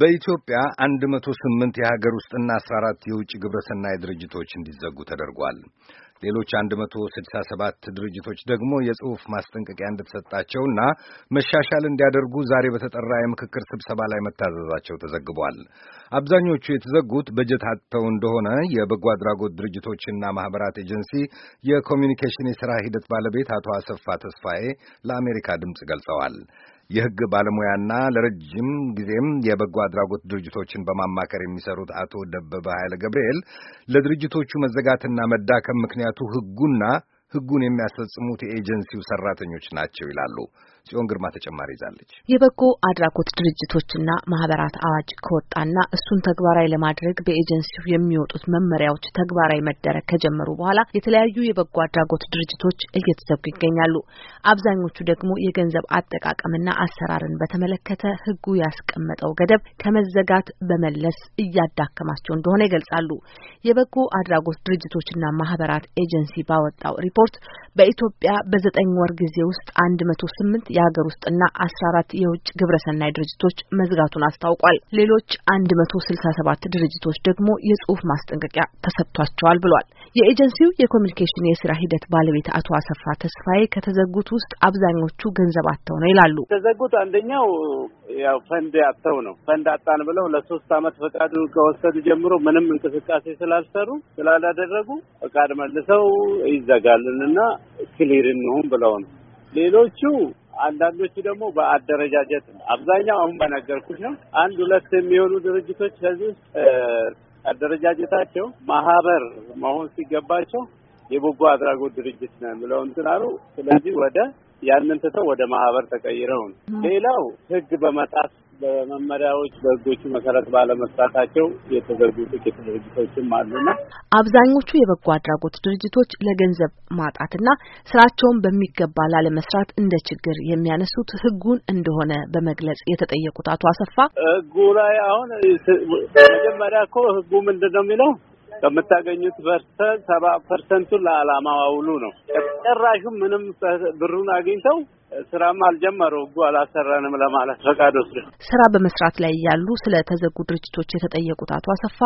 በኢትዮጵያ 108 የሀገር ውስጥና 14 የውጭ ግብረሰናይ ድርጅቶች እንዲዘጉ ተደርጓል። ሌሎች 167 ድርጅቶች ደግሞ የጽሑፍ ማስጠንቀቂያ እንደተሰጣቸውና መሻሻል እንዲያደርጉ ዛሬ በተጠራ የምክክር ስብሰባ ላይ መታዘዛቸው ተዘግቧል። አብዛኞቹ የተዘጉት በጀት አጥተው እንደሆነ የበጎ አድራጎት ድርጅቶችና ማህበራት ኤጀንሲ የኮሚኒኬሽን የሥራ ሂደት ባለቤት አቶ አሰፋ ተስፋዬ ለአሜሪካ ድምፅ ገልጸዋል። የሕግ ባለሙያና ለረጅም ጊዜም የበጎ አድራጎት ድርጅቶችን በማማከር የሚሰሩት አቶ ደበበ ኃይለ ገብርኤል ለድርጅቶቹ መዘጋትና መዳከም ምክንያቱ ሕጉና ሕጉን የሚያስፈጽሙት የኤጀንሲው ሰራተኞች ናቸው ይላሉ። ጽዮን ግርማ ተጨማሪ ይዛለች። የበጎ አድራጎት ድርጅቶችና ማህበራት አዋጅ ከወጣና እሱን ተግባራዊ ለማድረግ በኤጀንሲው የሚወጡት መመሪያዎች ተግባራዊ መደረግ ከጀመሩ በኋላ የተለያዩ የበጎ አድራጎት ድርጅቶች እየተዘጉ ይገኛሉ። አብዛኞቹ ደግሞ የገንዘብ አጠቃቀምና አሰራርን በተመለከተ ህጉ ያስቀመጠው ገደብ ከመዘጋት በመለስ እያዳከማቸው እንደሆነ ይገልጻሉ። የበጎ አድራጎት ድርጅቶችና ማህበራት ኤጀንሲ ባወጣው ሪፖርት በኢትዮጵያ በዘጠኝ ወር ጊዜ ውስጥ አንድ መቶ ስምንት የሀገር ውስጥና አስራ አራት የውጭ ግብረሰናይ ድርጅቶች መዝጋቱን አስታውቋል። ሌሎች አንድ መቶ ስልሳ ሰባት ድርጅቶች ደግሞ የጽሁፍ ማስጠንቀቂያ ተሰጥቷቸዋል ብሏል። የኤጀንሲው የኮሚኒኬሽን የስራ ሂደት ባለቤት አቶ አሰፋ ተስፋዬ ከተዘጉት ውስጥ አብዛኞቹ ገንዘብ አጥተው ነው ይላሉ። ተዘጉት አንደኛው ያው ፈንድ አጥተው ነው። ፈንድ አጣን ብለው ለሶስት አመት ፈቃዱ ከወሰዱ ጀምሮ ምንም እንቅስቃሴ ስላልሰሩ ስላላደረጉ ፈቃድ መልሰው ይዘጋልንና ክሊር እንሁን ብለው ነው። ሌሎቹ አንዳንዶቹ ደግሞ በአደረጃጀት ነው። አብዛኛው አሁን በነገርኩት ነው። አንድ ሁለት የሚሆኑ ድርጅቶች ከዚህ ውስጥ አደረጃጀታቸው ማህበር መሆን ሲገባቸው የበጎ አድራጎት ድርጅት ነው ብለው እንትን አሉ። ስለዚህ ወደ ያንን ትተው ወደ ማህበር ተቀይረው ነው። ሌላው ህግ በመጣት በመመሪያዎች በህጎቹ መሰረት ባለመስራታቸው የተዘጉ ጥቂት ድርጅቶችም አሉና አብዛኞቹ የበጎ አድራጎት ድርጅቶች ለገንዘብ ማጣትና ስራቸውን በሚገባ ላለመስራት እንደ ችግር የሚያነሱት ህጉን እንደሆነ በመግለጽ የተጠየቁት አቶ አሰፋ ህጉ ላይ አሁን መጀመሪያ እኮ ህጉ ምንድን ነው የሚለው ከምታገኙት ፐርሰንት ሰባ ፐርሰንቱን ለአላማ አውሉ ነው። ጨራሹም ምንም ብሩን አግኝተው ስራም አልጀመሩ ህጉ አላሰራንም ለማለት ፈቃድ ወስደ ስራ በመስራት ላይ ያሉ ስለ ተዘጉ ድርጅቶች የተጠየቁት አቶ አሰፋ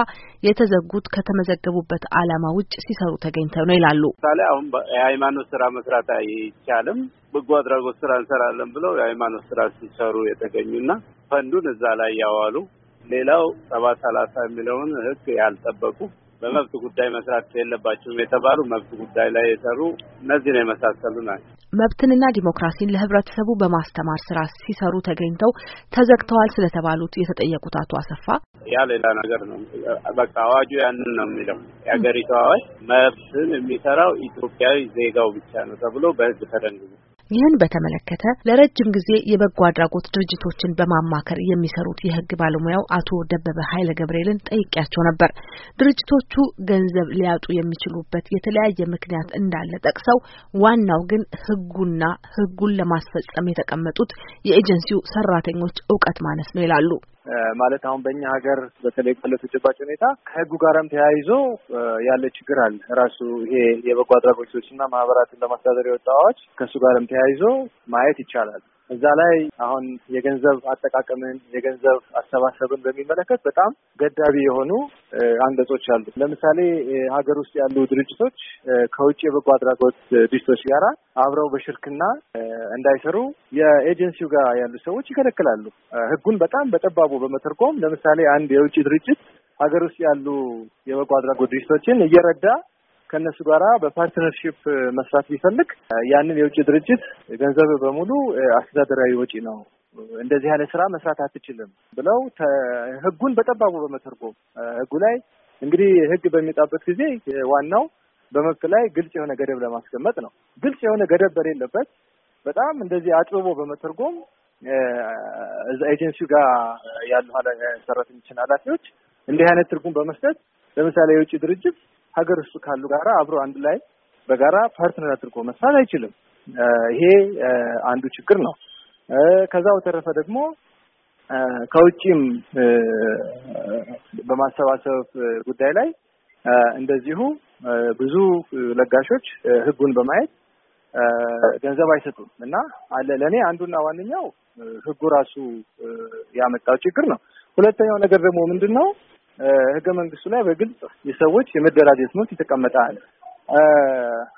የተዘጉት ከተመዘገቡበት አላማ ውጭ ሲሰሩ ተገኝተው ነው ይላሉ። ምሳሌ አሁን የሃይማኖት ስራ መስራት አይቻልም፣ በጎ አድራጎት ስራ እንሰራለን ብለው የሃይማኖት ስራ ሲሰሩ የተገኙና ፈንዱን እዛ ላይ ያዋሉ ሌላው ሰባት ሰላሳ የሚለውን ህግ ያልጠበቁ በመብት ጉዳይ መስራት የለባቸውም የተባሉ መብት ጉዳይ ላይ የሰሩ እነዚህ ነው የመሳሰሉ ናቸው። መብትንና ዲሞክራሲን ለህብረተሰቡ በማስተማር ስራ ሲሰሩ ተገኝተው ተዘግተዋል ስለተባሉት የተጠየቁት አቶ አሰፋ ያ ሌላ ነገር ነው። በቃ አዋጁ ያንን ነው የሚለው። የሀገሪቱ አዋጅ መብትን የሚሰራው ኢትዮጵያዊ ዜጋው ብቻ ነው ተብሎ በህግ ተደንግጓል። ይህን በተመለከተ ለረጅም ጊዜ የበጎ አድራጎት ድርጅቶችን በማማከር የሚሰሩት የህግ ባለሙያው አቶ ደበበ ኃይለ ገብርኤልን ጠይቄያቸው ነበር። ድርጅቶቹ ገንዘብ ሊያጡ የሚችሉበት የተለያየ ምክንያት እንዳለ ጠቅሰው ዋናው ግን ህጉና ህጉን ለማስፈጸም የተቀመጡት የኤጀንሲው ሰራተኞች እውቀት ማነስ ነው ይላሉ። ማለት አሁን በእኛ ሀገር በተለይ ባለተጨባጭ ሁኔታ ከህጉ ጋርም ተያይዞ ያለ ችግር አለ። ራሱ ይሄ የበጎ አድራጎቶች እና ማህበራትን ለማስተዳደር የወጣ አዋጅ ከእሱ ጋርም ተያይዞ ማየት ይቻላል። እዛ ላይ አሁን የገንዘብ አጠቃቀምን የገንዘብ አሰባሰብን በሚመለከት በጣም ገዳቢ የሆኑ አንቀጾች አሉ። ለምሳሌ ሀገር ውስጥ ያሉ ድርጅቶች ከውጭ የበጎ አድራጎት ድርጅቶች ጋራ አብረው በሽርክና እንዳይሰሩ የኤጀንሲው ጋር ያሉ ሰዎች ይከለክላሉ። ህጉን በጣም በጠባቡ በመተርጎም ለምሳሌ አንድ የውጭ ድርጅት ሀገር ውስጥ ያሉ የበጎ አድራጎት ድርጅቶችን እየረዳ ከእነሱ ጋራ በፓርትነርሽፕ መስራት ቢፈልግ ያንን የውጭ ድርጅት ገንዘብ በሙሉ አስተዳደራዊ ወጪ ነው እንደዚህ አይነት ስራ መስራት አትችልም ብለው ህጉን በጠባቡ በመተርጎም ህጉ ላይ እንግዲህ ህግ በሚወጣበት ጊዜ ዋናው በመብት ላይ ግልጽ የሆነ ገደብ ለማስቀመጥ ነው። ግልጽ የሆነ ገደብ በሌለበት በጣም እንደዚህ አጥብቦ በመተርጎም እዛ ኤጀንሲው ጋር ያሉ ሰራተኞችን ኃላፊዎች እንዲህ አይነት ትርጉም በመስጠት ለምሳሌ የውጭ ድርጅት ሀገር ውስጥ ካሉ ጋራ አብሮ አንድ ላይ በጋራ ፓርትነር አድርጎ መስራት አይችልም። ይሄ አንዱ ችግር ነው። ከዛ በተረፈ ደግሞ ከውጭም በማሰባሰብ ጉዳይ ላይ እንደዚሁ ብዙ ለጋሾች ህጉን በማየት ገንዘብ አይሰጡም እና አለ ለእኔ አንዱና ዋነኛው ህጉ ራሱ ያመጣው ችግር ነው። ሁለተኛው ነገር ደግሞ ምንድን ነው ህገ መንግስቱ ላይ በግልጽ የሰዎች የመደራጀት መብት የተቀመጠ አለ።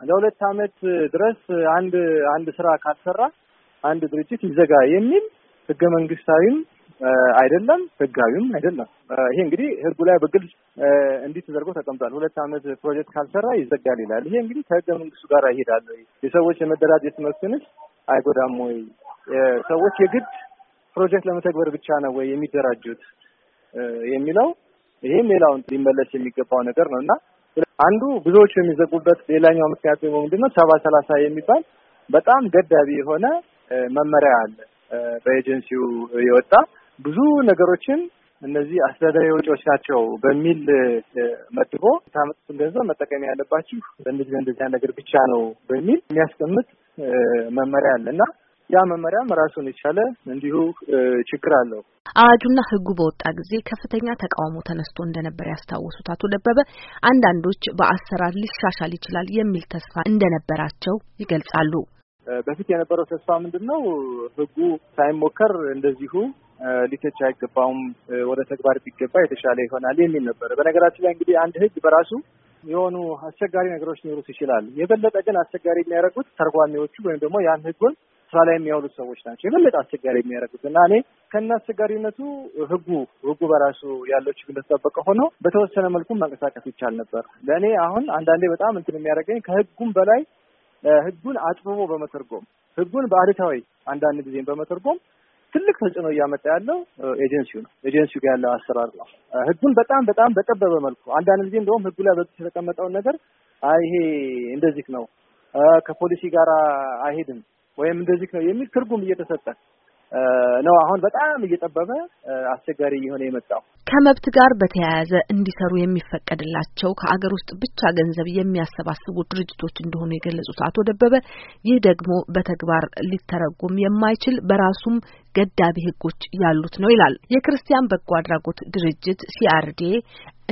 ለሁለት አመት ድረስ አንድ አንድ ስራ ካልሰራ አንድ ድርጅት ይዘጋ የሚል ህገ መንግስታዊም አይደለም ህጋዊም አይደለም። ይሄ እንግዲህ ህጉ ላይ በግልጽ እንዲህ ተደርጎ ተቀምጧል። ሁለት አመት ፕሮጀክት ካልሰራ ይዘጋል ይላል። ይሄ እንግዲህ ከህገ መንግስቱ ጋር ይሄዳል። የሰዎች የመደራጀት መብትንስ አይጎዳም ወይ? ሰዎች የግድ ፕሮጀክት ለመተግበር ብቻ ነው ወይ የሚደራጁት የሚለው ይህም ሌላውን ሊመለስ የሚገባው ነገር ነው እና አንዱ ብዙዎቹ የሚዘጉበት ሌላኛው ምክንያት ደግሞ ምንድነው ሰባ ሰላሳ የሚባል በጣም ገዳቢ የሆነ መመሪያ አለ። በኤጀንሲው የወጣ ብዙ ነገሮችን እነዚህ አስተዳደሪ ወጪዎች ናቸው በሚል መድቦ ታመጡትን ገንዘብ መጠቀም ያለባችሁ በእንደዚህ በእንደዚህ ነገር ብቻ ነው በሚል የሚያስቀምጥ መመሪያ አለ እና ያ መመሪያም ራሱን የቻለ እንዲሁ ችግር አለው። አዋጁና ህጉ በወጣ ጊዜ ከፍተኛ ተቃውሞ ተነስቶ እንደነበር ያስታወሱት አቶ ደበበ አንዳንዶች በአሰራር ሊሻሻል ይችላል የሚል ተስፋ እንደነበራቸው ይገልጻሉ። በፊት የነበረው ተስፋ ምንድን ነው? ህጉ ሳይሞከር እንደዚሁ ሊተች አይገባውም፣ ወደ ተግባር ቢገባ የተሻለ ይሆናል የሚል ነበረ። በነገራችን ላይ እንግዲህ አንድ ህግ በራሱ የሆኑ አስቸጋሪ ነገሮች ሊኖሩት ይችላል። የበለጠ ግን አስቸጋሪ የሚያደርጉት ተርጓሚዎቹ ወይም ደግሞ ያን ህጉን ስራ ላይ የሚያውሉት ሰዎች ናቸው የበለጠ አስቸጋሪ የሚያደርጉት እና እኔ ከእነ አስቸጋሪነቱ ህጉ ህጉ በራሱ ያለው ችግር እንደተጠበቀ ሆኖ በተወሰነ መልኩ መንቀሳቀስ ይቻል ነበር። ለእኔ አሁን አንዳንዴ በጣም እንትን የሚያደርገኝ ከህጉም በላይ ህጉን አጥብቦ በመተርጎም ህጉን በአሪታዊ አንዳንድ ጊዜም በመተርጎም ትልቅ ተጽዕኖ እያመጣ ያለው ኤጀንሲው ነው። ኤጀንሲው ጋር ያለው አሰራር ነው። ህጉን በጣም በጣም በጠበበ መልኩ አንዳንድ ጊዜ እንደውም ህጉ ላይ በግልጽ የተቀመጠውን ነገር አይሄ እንደዚህ ነው ከፖሊሲ ጋር አይሄድም ወይም እንደዚህ ነው የሚል ትርጉም እየተሰጠ ነው። አሁን በጣም እየጠበበ አስቸጋሪ እየሆነ የመጣው ከመብት ጋር በተያያዘ እንዲሰሩ የሚፈቀድላቸው ከአገር ውስጥ ብቻ ገንዘብ የሚያሰባስቡ ድርጅቶች እንደሆኑ የገለጹት አቶ ደበበ ይህ ደግሞ በተግባር ሊተረጎም የማይችል በራሱም ገዳቢ ህጎች ያሉት ነው ይላል። የክርስቲያን በጎ አድራጎት ድርጅት ሲአርዴ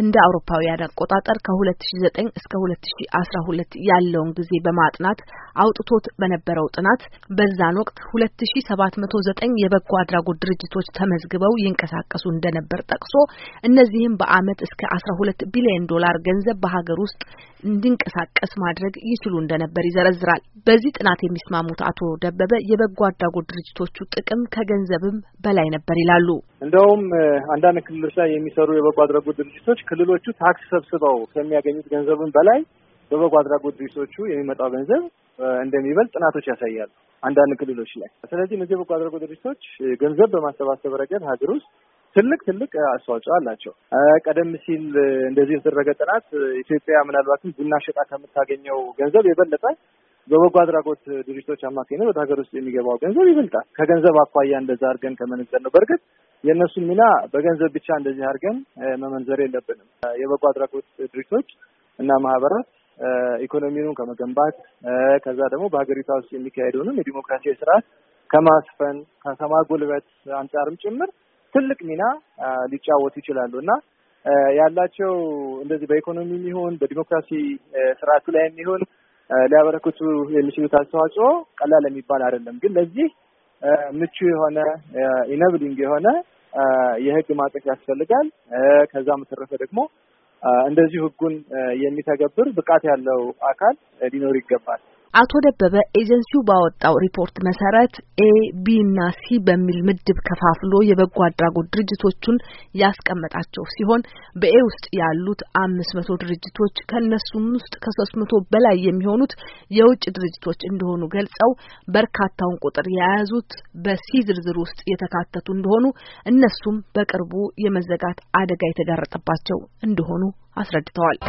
እንደ አውሮፓውያን አቆጣጠር ከ2009 እስከ 2012 ያለውን ጊዜ በማጥናት አውጥቶት በነበረው ጥናት በዛን ወቅት 2709 የበጎ አድራጎት ድርጅቶች ተመዝግበው ይንቀሳቀሱ እንደነበር ጠቅሶ እነዚህም በአመት እስከ 12 ቢሊዮን ዶላር ገንዘብ በሀገር ውስጥ እንዲንቀሳቀስ ማድረግ ይችሉ እንደነበር ይዘረዝራል። በዚህ ጥናት የሚስማሙት አቶ ደበበ የበጎ አድራጎት ድርጅቶቹ ጥቅም ከገንዘብም በላይ ነበር ይላሉ። እንደውም አንዳንድ ክልሎች ላይ የሚሰሩ የበጎ አድራጎት ድርጅቶች ክልሎቹ ታክስ ሰብስበው ከሚያገኙት ገንዘብም በላይ በበጎ አድራጎት ድርጅቶቹ የሚመጣው ገንዘብ እንደሚበልጥ ጥናቶች ያሳያሉ አንዳንድ ክልሎች ላይ። ስለዚህ እነዚህ የበጎ አድራጎት ድርጅቶች ገንዘብ በማሰባሰብ ረገድ ሀገር ውስጥ ትልቅ ትልቅ አስተዋጽኦ አላቸው። ቀደም ሲል እንደዚህ የተደረገ ጥናት ኢትዮጵያ ምናልባትም ቡና ሸጣ ከምታገኘው ገንዘብ የበለጠ በበጎ አድራጎት ድርጅቶች አማካኝነት ወደ ሀገር ውስጥ የሚገባው ገንዘብ ይበልጣል። ከገንዘብ አኳያ እንደዛ አድርገን ከመነዘር ነው። በእርግጥ የእነሱን ሚና በገንዘብ ብቻ እንደዚህ አድርገን መመንዘር የለብንም። የበጎ አድራጎት ድርጅቶች እና ማህበራት ኢኮኖሚውን ከመገንባት ከዛ ደግሞ በሀገሪቷ ውስጥ የሚካሄደውንም የዲሞክራሲያዊ ስርዓት ከማስፈን ከማጎልበት አንጻርም ጭምር ትልቅ ሚና ሊጫወቱ ይችላሉ እና ያላቸው እንደዚህ በኢኮኖሚ የሚሆን በዲሞክራሲ ስርዓቱ ላይ የሚሆን ሊያበረክቱ የሚችሉት አስተዋጽኦ ቀላል የሚባል አይደለም። ግን ለዚህ ምቹ የሆነ ኢነብሊንግ የሆነ የህግ ማዕቀፍ ያስፈልጋል። ከዛ በተረፈ ደግሞ እንደዚሁ ህጉን የሚተገብር ብቃት ያለው አካል ሊኖር ይገባል። አቶ ደበበ ኤጀንሲው ባወጣው ሪፖርት መሰረት ኤ፣ ቢ እና ሲ በሚል ምድብ ከፋፍሎ የበጎ አድራጎት ድርጅቶቹን ያስቀመጣቸው ሲሆን በኤ ውስጥ ያሉት አምስት መቶ ድርጅቶች ከእነሱም ውስጥ ከሶስት መቶ በላይ የሚሆኑት የውጭ ድርጅቶች እንደሆኑ ገልጸው በርካታውን ቁጥር የያዙት በሲ ዝርዝር ውስጥ የተካተቱ እንደሆኑ እነሱም በቅርቡ የመዘጋት አደጋ የተጋረጠባቸው እንደሆኑ አስረድተዋል።